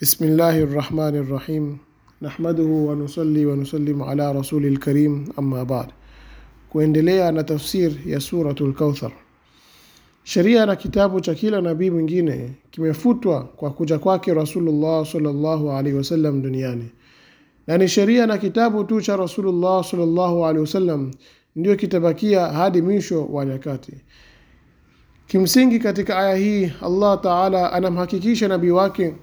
Bismillahi rrahmani rrahim nahmaduhu wanusali wanusalim ala rasuli lkarim amma baad. Kuendelea na tafsir ya suratu lkauthar. Sheria na kitabu cha kila nabii mwingine kimefutwa kwa kuja kwake Rasulullah sallallahu alaihi wasallam duniani, na ni sheria na kitabu tu cha Rasulullah sallallahu alaihi wasallam ndiyo kitabakia hadi mwisho wa nyakati. Kimsingi, katika aya hii Allah taala anamhakikisha nabii wake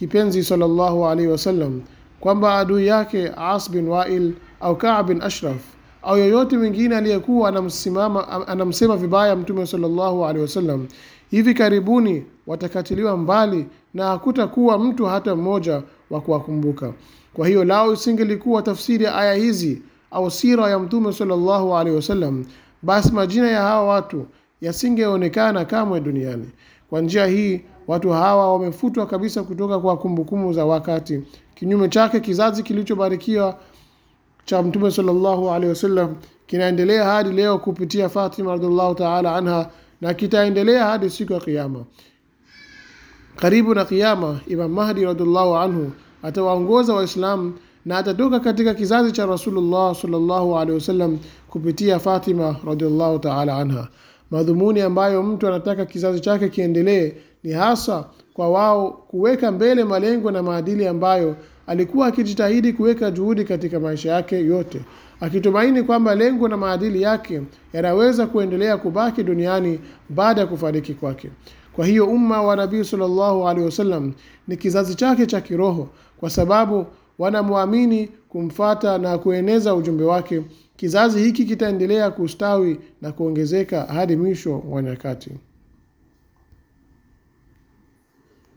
kipenzi sallallahu alaihi wasallam kwamba adui yake As bin Wail au Ka'b bin Ashraf au yoyote mwingine aliyekuwa anamsimama anamsema vibaya mtume sallallahu alaihi wasallam hivi karibuni watakatiliwa mbali na hakutakuwa mtu hata mmoja wa kuwakumbuka. Kwa hiyo lao isingelikuwa tafsiri ya aya hizi au sira ya mtume sallallahu alaihi wasallam, basi majina ya hawa watu yasingeonekana kamwe duniani. Kwa njia hii Watu hawa wamefutwa kabisa kutoka kwa kumbukumbu za wakati. Kinyume chake, kizazi kilichobarikiwa cha Mtume sallallahu alaihi wasallam kinaendelea hadi leo kupitia Fatima radhiallahu taala anha na kitaendelea hadi siku ya Kiyama. Karibu na Kiyama, Imam Mahdi radhiallahu anhu atawaongoza Waislamu na atatoka katika kizazi cha Rasulullah sallallahu alaihi wasallam kupitia Fatima radhiallahu taala anha. Madhumuni ambayo mtu anataka kizazi chake kiendelee ni hasa kwa wao kuweka mbele malengo na maadili ambayo alikuwa akijitahidi kuweka juhudi katika maisha yake yote, akitumaini kwamba lengo na maadili yake yanaweza kuendelea kubaki duniani baada ya kufariki kwake. Kwa hiyo umma wa Nabii sallallahu alaihi wasallam ni kizazi chake cha kiroho, kwa sababu wanamwamini, kumfata na kueneza ujumbe wake. Kizazi hiki kitaendelea kustawi na kuongezeka hadi mwisho wa nyakati.